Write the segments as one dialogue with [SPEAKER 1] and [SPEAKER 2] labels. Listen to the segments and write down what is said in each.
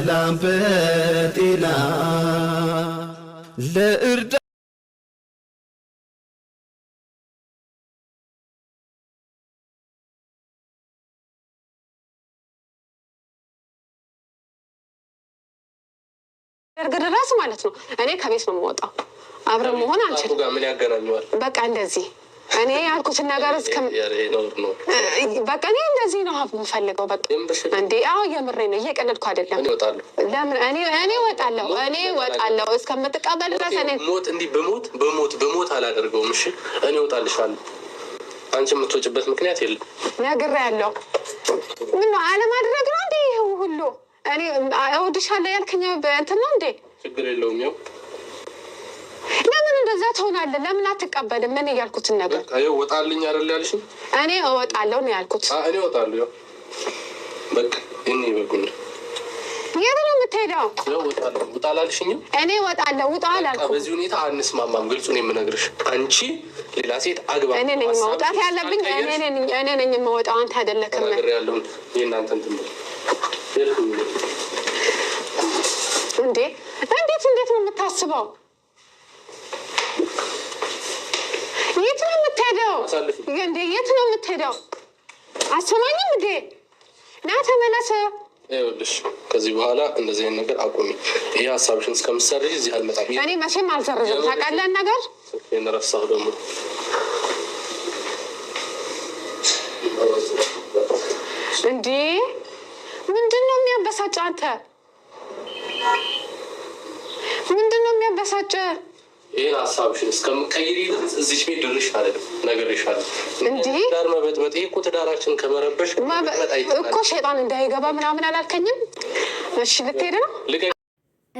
[SPEAKER 1] በሰላም በጤና ለእርዳ ደርግ ድረስ ማለት ነው። እኔ ከቤት ነው የምወጣው። አብረን መሆን አንችልም። በቃ እንደዚህ እኔ ያልኩትን ነገር በቃ እኔ እንደዚህ ነው ሀብ የምፈልገው። በቃ እንዴ አሁ የምሬ ነው፣ እየቀለድኩ አይደለም። እኔ ወጣለሁ፣ እኔ ወጣለሁ እስከምትቀበል ድረስ እኔ
[SPEAKER 2] ሞት እንዲህ በሞት በሞት በሞት አላደርገውም። እሺ እኔ ወጣልሻለሁ። አንቺ የምትወጭበት ምክንያት የለም።
[SPEAKER 1] ነግሬ ያለው ምን ነው አለማድረግ ነው እንዴ? ይህ ሁሉ እኔ እወድሻለሁ ያልከኝ እንትን ነው እንዴ?
[SPEAKER 2] ችግር የለውም ያው
[SPEAKER 1] እንደዛ ትሆናለህ ለምን አትቀበልም? ምን እያልኩትን ነገር
[SPEAKER 2] ወጣልኝ አይደል ያልሽ?
[SPEAKER 1] እኔ እወጣለሁ ነው ያልኩት።
[SPEAKER 2] እኔ እወጣለሁ በቃ እኔ በኩል
[SPEAKER 1] የት ነው የምትሄደው?
[SPEAKER 2] ውጣ አላልሽኝም?
[SPEAKER 1] እኔ እወጣለሁ ውጣ አላልኩም።
[SPEAKER 2] በዚህ ሁኔታ አንስማማም። ግልጹ ነው የምነግርሽ። አንቺ ሌላ ሴት አግባ።
[SPEAKER 1] እኔ ነኝ መውጣት ያለብኝ። እኔ ነኝ የምወጣው፣ አንተ አይደለክም።
[SPEAKER 2] ያለውን እንትን
[SPEAKER 1] እንዴት እንዴት ነው የምታስበው? የት ነው የምትሄደው? እንደ የት ነው የምትሄደው? አሰማኝም እንዴ ና ተመለሰ።
[SPEAKER 2] ይኸውልሽ ከዚህ በኋላ እንደዚህ አይነት ነገር አቁሚ። ይሄ ሀሳብሽን እስከምትሰርዥ እዚህ አልመጣም።
[SPEAKER 1] እኔ መቼም አልሰርዝም። ታውቃለህ ነገር ረሳሁ ደግሞ እንዴ ምንድን ነው የሚያበሳጭ? አንተ ምንድን ነው የሚያበሳጭ?
[SPEAKER 2] ይህን ሀሳብሽን እስከምትቀይሪ ይልት እዚች ቤት ድርሽ አለ ነገርሻለሁ። ትዳር መበጥበጥ ይህ እኮ ትዳራችን ከመረበሽ
[SPEAKER 1] እኮ ሸይጣን እንዳይገባ ምናምን አላልከኝም? እሺ ልትሄድ ነው።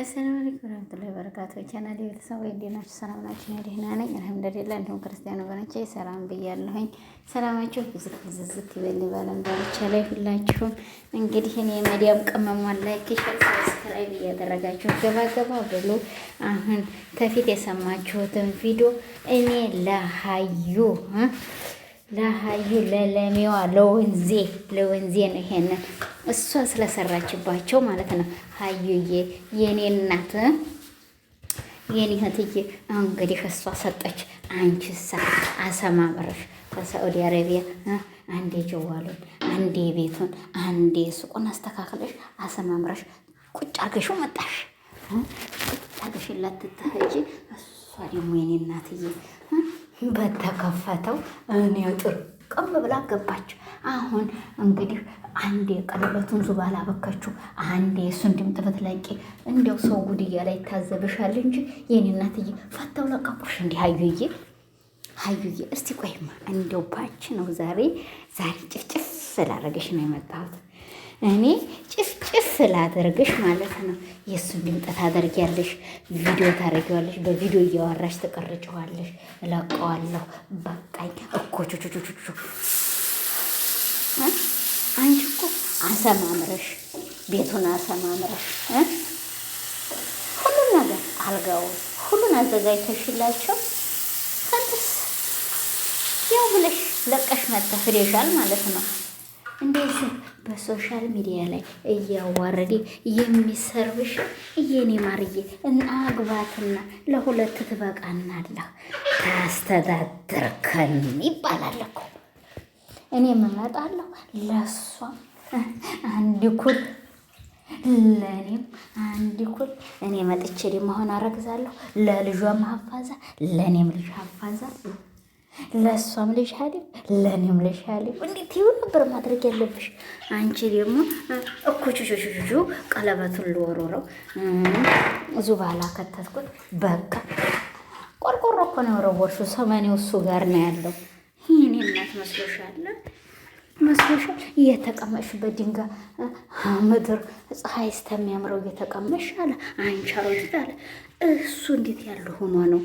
[SPEAKER 1] አሰላሙ አለይኩም ወረህመቱላሂ ወበረካቱሁ ቻናል የቤተሰብ ወይ እንዴት ናችሁ? ሰላም ናችሁ? እኔ ደህና ነኝ አልሐምዱሊላህ። እንዲሁም ክርስቲያን ወገኖቼ ሰላም ብያለሁኝ። ሰላማችሁ ብዝት ብዝዝት ይበል ባለም ዳርቻ ላይ ሁላችሁም። እንግዲህ እኔ የመዲያም ቅመሟን ላይክ፣ ሼር፣ ሰብስክራይብ እያደረጋችሁ ገባገባ ብሎ አሁን ከፊት የሰማችሁትን ቪዲዮ እኔ ለሀዩ ለሀዩ ለለሚዋ ለወንዜ ለወንዜ ነው ይሄንን እሷ ስለሰራችባቸው ማለት ነው። ሀዩዬ የኔ እናት የኔ እህትዬ እንግዲህ እሷ ሰጠች፣ አንቺሳ አሰማምረሽ በሳዑዲ አረቢያ አንዴ ጀዋሉን አንዴ ቤቱን አንዴ ሱቁን አስተካክለሽ አሰማምረሽ ቁጭ አርገሽው መጣሽ። ቁጭ አርገሽላት ትትኸጂ እሷ ደግሞ የኔ እናትዬ በተከፈተው እኔው ጥሩ ቅም ብላ ገባች። አሁን እንግዲህ አንዴ ቀለበቱን ዙባ ላበከችው፣ አንዴ እሱን ድምፅ ብትለቂ እንዲያው ሰው ጉድያ ላይ ይታዘብሻል እንጂ የኔ እናትዬ ፈታው ለቀቁሽ። እንዲህ ሀዩዬ ሀዩዬ፣ እስቲ ቆይማ እንዲያው ባች ነው ዛሬ ዛሬ ጭፍጭፍ ስላደረገሽ ነው የመጣሁት። እኔ ጭፍ ጭፍ ላደርግሽ ማለት ነው። የእሱን ድምጠት ታደርጊያለሽ፣ ቪዲዮ ታደርጊዋለሽ፣ በቪዲዮ እያወራሽ ትቀርጭዋለሽ። እለቀዋለሁ በቃኝ እኮ አንቺ እኮ አሰማምረሽ ቤቱን አሰማምረሽ ሁሉን ነገር አልጋውን ሁሉን አዘጋጅተሽላቸው ከንትስ ያው ብለሽ ለቀሽ መጥተሽ ሄደሻል ማለት ነው። እንደዚህ በሶሻል ሚዲያ ላይ እያዋረደ የሚሰርብሽ እየኔ ማርዬ እና አግባትና ለሁለት ትበቃናለህ ታስተዳድርከን ይባላል እኮ። እኔ እመጣለሁ ለሷ አንድ ኩል ለእኔም አንድ ኩል። እኔ መጥቼ ደመሆን አረግዛለሁ ለልጇም ሀፋዛ ለእኔም ልጅ ሀፋዛ ለእሷም ልጅ ሀሊብ ለእኔም ልጅ ሀሊብ እንዴት ይሁን ነበር ማድረግ ያለብሽ። አንቺ ደግሞ እኮቹቹቹ ቀለበቱን ልወረረው ዙባላ ከተትኩት በቃ ቆርቆሮ እኮ ነው የወረወርሽው። ሰመኔው እሱ ጋር ነው ያለው። ይህኔ እናት መስሎሻለ መስሎሻል እየተቀመጥሽበት ድንጋይ ምድር ፀሐይ ስተሚያምረው እየተቀመሽ አለ አንቻሮጅት አለ እሱ እንዴት ያለ ሆኖ ነው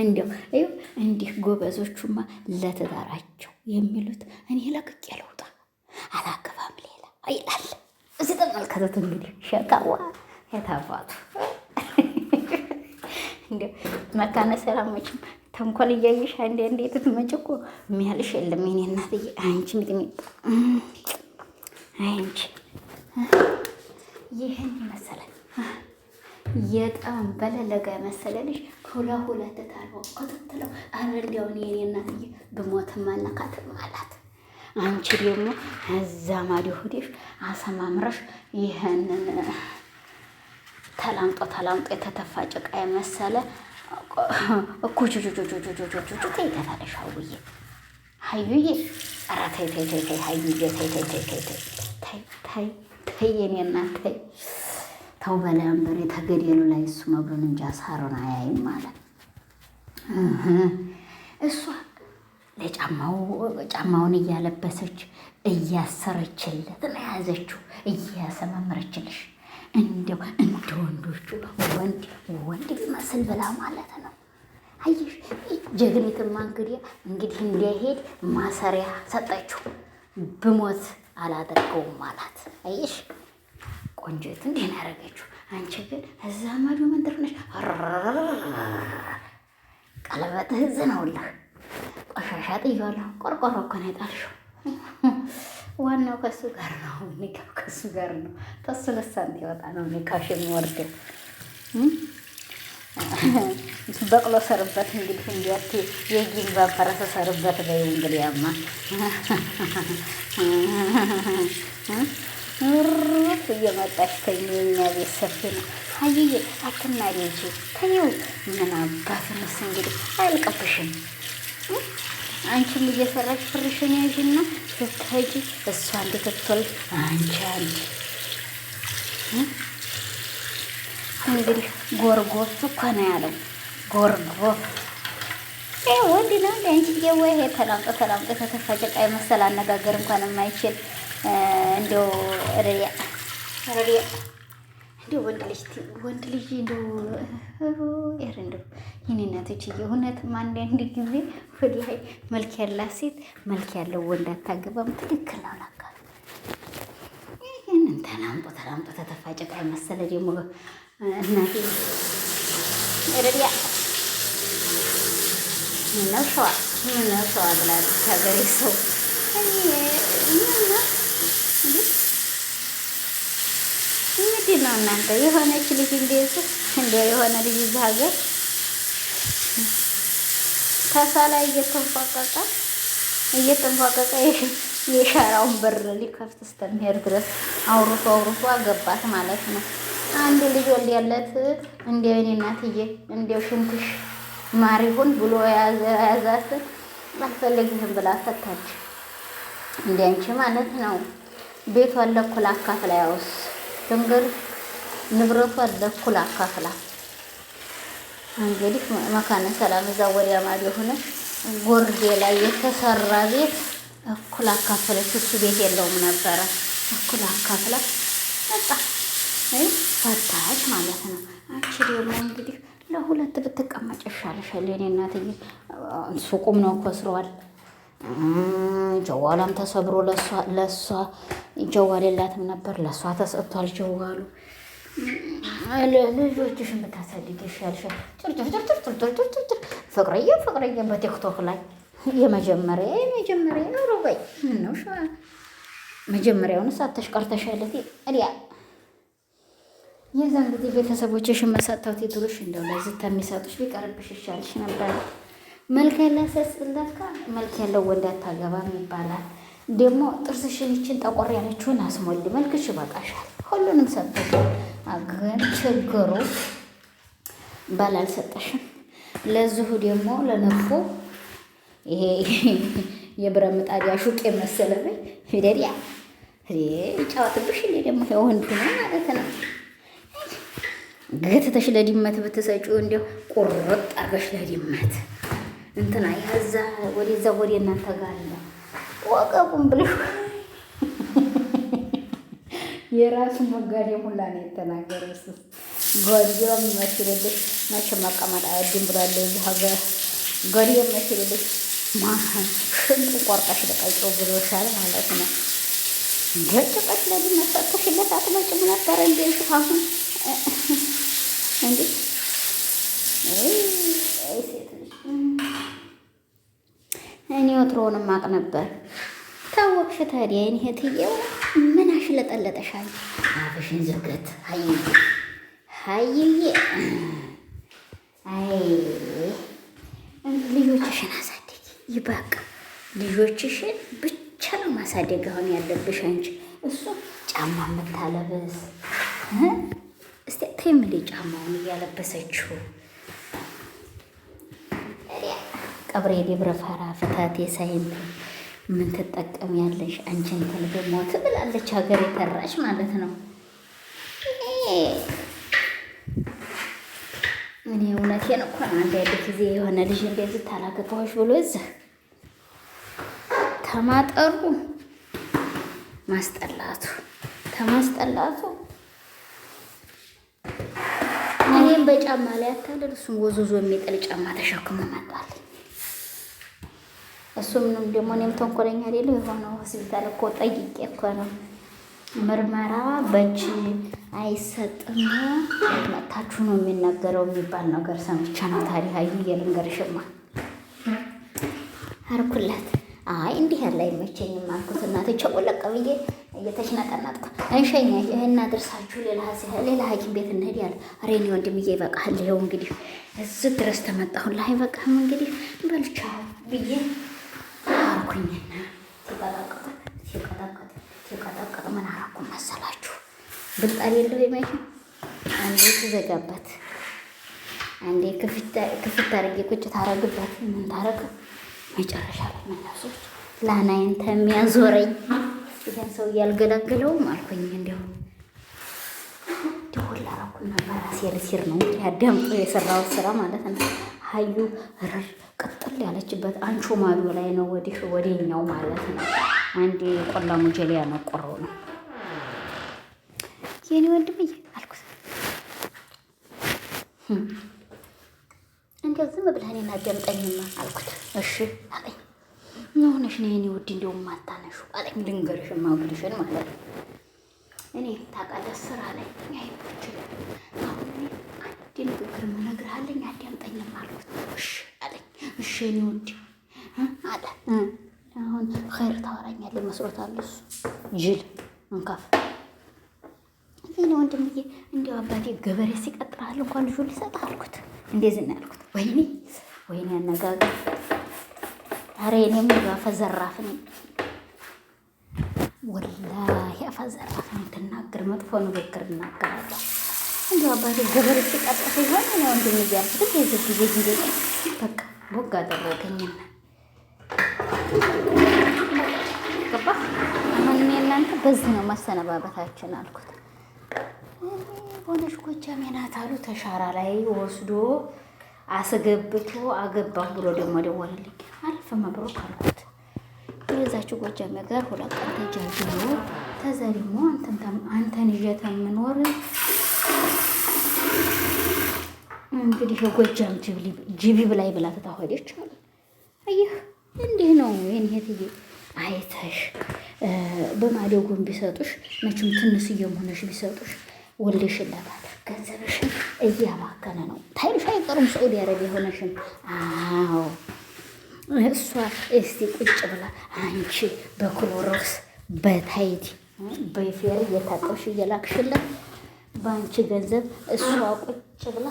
[SPEAKER 1] እንዲው ይኸው እንዲህ ጎበዞቹማ ለትዳራቸው የሚሉት እኔ ለቅቄ ልውጣ አላገባም ሌላ ይላል። እዚ ተመልከቱት እንግዲህ ሸካዋ የታባቱ እንዲያው መካነ ሰላሞችም ተንኮል እያየሽ አንዴ አንዴ ትትመጭ እኮ የሚያልሽ የለም ኔ እናትዬ። አንቺ ሚጥሚጣ አንቺ ይህን ይመሰላል። የጣም በለለጋ መሰለልሽ ሁላ ሁላ ተታርበ ቆጥጥለው አረ እንዲያውን የኔ እናትዬ ብሞትም አልነካትም አላት። አንቺ ደግሞ እዛ ማዲ ሆዴሽ አሰማምረሽ ይህንን ተላምጦ ተላምጦ የተተፋ ጭቃ የመሰለ እኩቹቹቹቹቹቹቹቹ ትይገላለሽ። አውዬ ሀዩዬ ኧረ ተይ ተይ ተይ ተይ ሀዩዬ ተይ ተይ ተይ ተይ ተይ ተይ ተይ የኔ እናት ተይ ተው በላይ አንበሬ ተገደሉ ላይ እሱ መብሉን እንጂ አሳሩን አያይም ማለት እሷ ለጫማው ጫማውን እያለበሰች እያሰረችለት መያዘችው እያሰማምረችልሽ እንደው እንደ ወንዶቹ ወንድ ወንድ ቢመስል ብላ ማለት ነው። አየሽ ጀግኒትማ እንግዲህ እንግዲህ እንዲሄድ ማሰሪያ ሰጠችው። ብሞት አላደርገውም አላት። አየሽ ቆንጆት እንዴት ነው ያደረገችው። አንቺ ግን እዛ ማዶ መንደር ነሽ። ቀለበት እዝ ነውላ ቆሻሻ ጥያለሁ። ቆርቆሮ እኮ ነው የጣልሽው። ዋናው ከሱ ጋር ነው ኒቃብ፣ ከሱ ጋር ነው ከሱ ልሳን ወጣ ነው ኒቃሽ የሚወርደው በቅሎ ሰርበት እንግዲህ እንዲያት የጊን ባፈረሰ ሰርበት በይ እንግዲህ ያማ ምርፍ እየመጣች ተኛ ቤት ሰፊ ነው። አየዬ አትናደጂ፣ ተይው። ምን አባትንስ እንግዲህ አያልቅብሽም። አንቺም እየሰራች ፍርሽን ያዥና ስትሄጂ እሷ እንድትቶል አንቻል እንግዲህ ጎርጎፍ እኮ ነው ያለው። ጎርጎፍ ወንድ ነው እንደ አንቺ ጌዋ ተላምጦ ተላምጦ ተተፋጨቃ የመሰል አነጋገር እንኳን የማይችል እንደው ረዲያ ረዲያ እንደው ወንድ ልጅ ወንድ ልጅ እንደው ኧረ እንደው የእኔ እናቶች እውነትም አንዳንድ ጊዜ ወላሂ መልክ ያላት ሴት መልክ ያለው ወንድ አታገባም። ትክክል ነው። ላካ ይህንን ተላምጦ ተላምጦ ተተፋጨቃ መሰለ ደግሞ እናቴ ረዲያ ምነው ሸዋ ምነው ሸዋ ብላለች ሀገሬ ሰው ምነው ምንድን ነው እናንተ? የሆነች ልጅ እንደዚህ እንደ የሆነ ልጅ እዚህ ሀገር ተሳ ላይ እየተንፏቀቀ እየተንፏቀቀ የሻራውን በር ሊከፍት እስከሚሄድ ድረስ አውርቶ አውርቶ አገባት ማለት ነው። አንድ ልጅ ወልድ ያለት እንዲያው የእኔ እናትዬ ሽንትሽ ማር ይሁን ብሎ ያዛት አልፈልግህም ብላ ፈታች። እንዲያንቺ ማለት ነው ቤቷን ለኩል አካፍላ ያውስ ድንግል ንብረቷን ለእኩል አካፍላ እንግዲህ መካነ ሰላም እዛ ወዲያ ማዶ የሆነች ጎርዴ ላይ የተሰራ ቤት እኩል አካፈለች። እሱ ቤት የለውም ነበረ። እኩል አካፍላ በቃ ፈታች ማለት ነው። አንቺ ደግሞ እንግዲህ ለሁለት ብትቀመጭ ይሻልሻል የኔ እናትዬ። ሱቁም ነው ኮስረዋል ጀዋላም ተሰብሮ ለሷ ጀዋል የላትም ነበር፣ ለሷ ተሰጥቷል ጀዋሉ። ልጆችሽ የምታሳድግሽ ያልሻል ጭርጭርጭርጭርጭርጭርጭር ፍቅርዬ ፍቅርዬ በቲክቶክ ላይ የመጀመሪያ የመጀመሪያ ነው በይ ምነው መጀመሪያውን ሳተሽ ቀርተሻለት እዲያ የዛን ጊዜ ቤተሰቦችሽ መሰጥተውት የትሩሽ እንደው ለዚህ ከሚሰጡሽ ቢቀርብሽ ይሻልሽ ነበር። መልክ ያላት ሴት መልክ ያለው ወንድ አታገባም ይባላል። ደግሞ ጥርስሽን ይችን ጠቆር ያለችውን አስሞል፣ መልክሽ ይበቃሻል። ሁሉንም ሰጠሽ፣ ግን ችግሩ ባል አልሰጠሽም። ለዚሁ ደግሞ ለነፎ ይሄ የብረ ምጣዲያ ሹቅ የመሰለብኝ ሂደዲያ ጫወትብሽ እንዴ ደግሞ ወንዱ ነው ማለት ነው። ገትተሽ ለድመት ብትሰጪው እንዲያው ቁርጥ አርገሽ ለድመት እንትና እዛ ወደዛ ወደ እናንተ ጋር አለ ወቀቁም ብለው የራሱ መጋዴ ሁላ ነው የተናገረው። እሱ ጋዴው የሚመስልልሽ መቼ መቀመጥ አይወድም ብሏል። እዚህ ሀገር ጋዴው የሚመስልልሽ ማን ቆርጠሽ ልቀቂው ብሎሻል ማለት ነው። ገጭቀሽ ለድመት ሰጥተሽለት አትመጭም ነበር እንዴ? አሁን እንዴ እኔ ወትሮውንም አቅ ነበር። ታወቅሽ ታዲያ የኔ እህትዬው ምን አሽለጠለጠሻል? አፍሽን ዝርገት ሀይዬ፣ ሀይዬ። አይ ልጆችሽን አሳደጊ ይባቅ። ልጆችሽን ብቻ ነው ማሳደግ አሁን ያለብሽ አንቺ። እሱ ጫማ የምታለብስ እስቲ ተይ፣ ምን ጫማውን እያለበሰችው ቀብሬ የደብረ ፋራ ፍታት የሳይን ምን ትጠቀም ያለሽ አንቺን ሞት ብላለች ሀገር የተራሽ ማለት ነው። እኔ እውነቴን እኮ ያለ ጊዜ የሆነ ልጅ እንደዚህ ታላገባዎች ብሎ እዚህ ተማጠሩ ማስጠላቱ ተማስጠላቱ እኔም በጫማ ላይ እሱም ወዞዞ የሚጥል ጫማ ተሸክሞ መጣልኝ። እሱም ደግሞ እኔም ተንኮለኛ አይደለሁ የሆነ ሆስፒታል እኮ ጠይቄ እኮ ነው ምርመራ በእጅ አይሰጥም መታችሁ ነው የሚነገረው የሚባል ነገር ሰምቼ ነው። ታዲያ አየህ ልንገርሽማ አልኩላት። አይ እንዲህ ያለ አይመቸኝም አልኩት። እናቴ ቸውለቀ ብዬ እየተሽነቀነጥኩ እንሸኛ ይህና ድርሳችሁ ሌላ ሌላ ሀኪም ቤት እንሄድ ያለ ሬኒ ወንድምዬ ይበቃል። ይኸው እንግዲህ እዚህ ድረስ ተመጣሁን ላይ በቃም እንግዲህ በልቻ ብዬ አልኩኝና ሲቀጠቅጥ ሲቀጠቅጥ ሲቀጠቅጥ ምን አደረኩ መሰላችሁ? ብልጥ አይደለሁ የማይሽ አንዴ ትዘጋበት፣ አንዴ ክፍት አድርጌ ቁጭ ታረግበት፣ ምን ታረግ መጨረሻ ላይ መላሶች ላናይን ተሚያዞረኝ ይህን ሰው እያልገላገለውም አልኩኝ። እንዲሁ እንዲሁ ሁላ በራሴ ልሲር ነው ያዳምጦ የሰራው ስራ ማለት ነው። ሀዩ ርር ቅጥል ያለችበት አንቾ ማዶ ላይ ነው። ወዲህ ወደኛው ማለት ነው። አንድ ቆላ ሙጀሌ ያነቆረው ነው የኔ ወንድምዬ አልኩት። እንደው ዝም ብለህ እኔን አዳምጠኝማ አልኩት። እሺ አለኝ። ምን ሆነሽ ነው የኔ ውድ እንደውም ማታነሹ አለኝ። ልንገርሽ ጉድሽን ማለት ነው። እኔ ታውቃለህ ስራ ላይ ይችላል። አሁን አንድ ንግግር ምነግርሃለኝ አዳም አይደለም አልኩት። እሺ አለኝ። እሺ እኔ ወንድ አለ። አሁን ኸይር ታወራኛለህ መስሎታል እሱ ጅል እንካፍ ይሄን ወንድምዬ እንዲያው አባቴ ገበሬ ሲቀጥራል እንኳን ልጁ ሊሰጥ አልኩት። እንደዚህ ነው ያልኩት። ወይኔ ወይኔ አነጋገር ኧረ እኔም አፈ ዘራፍ ነኝ ወላሂ አፈ ነኝ። ትናገር መጥፎ ንግግር እናገራለሁ። እንዲ አባቴ ገበሬ ሲቀጠፍ ይሆን እኔ ወንድም እያልኩት የዚህ ጊዜ ጊዜ በቃ ቦግ አደረገኝና ገባ። አሁን እኔ እናንተ በዚህ ነው ማሰነባበታችን አልኩት። የሆነች ጎጃሜ ናት አሉ ተሻራ ላይ ወስዶ አስገብቶ አገባሁ ብሎ ደግሞ ደወለልኝ። አልፍ መብሮክ አልኩት። የዛች ጎጃሜ ጋር ሁለት ቀን ተጃጅሎ ተዛ አንተን ይዤ ተምኖር እንግዲህ የጎጃም ጅቢ ብላይ ብላ ተታወደች አሉ። አየህ እንዲህ ነው ይህን ሄትዬ አይተሽ በማደጎን ቢሰጡሽ መቼም ትንሽዬም ሆነሽ ቢሰጡሽ ወልደሽላታል። ገንዘብሽን እያባከነ ነው ታይልሽ አይቀሩም። ሰዑዲ አረቢያ የሆነሽም አዎ፣ እሷ እስቲ ቁጭ ብላ አንቺ በክሎሮክስ በታይት በፌር እየታጠብሽ እየላክሽላት በአንቺ ገንዘብ እሷ ቁጭ ብላ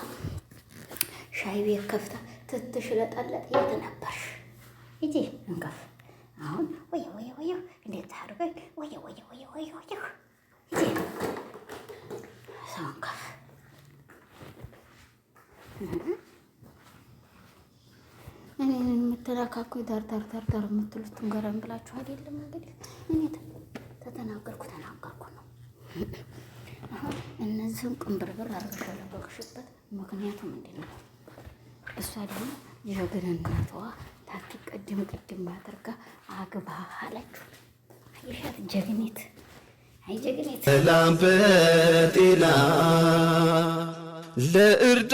[SPEAKER 1] ሻይ ቤት ከፍታ ትትሽ ትትሽለጠለጥ የት ነበርሽ? እጂ እንከፍ አሁን ወይ ወይ ወይ እንዴት ታርገኝ ወይ ወይ ወይ ወይ ወይ እጂ ሰው እንከፍ እኔ የምትላካኩ ዳር ዳር ዳር ዳር የምትሉት ንገረን ብላችሁ አይደለም እንግዲህ እኔ ተተናገርኩ ተናገርኩ ነው። አሁን እነዚህን ቅንብርብር አድርገሽ ያለበቅሽበት ምክንያቱም ምንድን ነው? እሷ ደግሞ ጀግንነቷ ታችሁ ቅድም ቅድም አግባ አለችው። ጀግኔት፣ አይ ጀግኔት በጤና ለእርዳ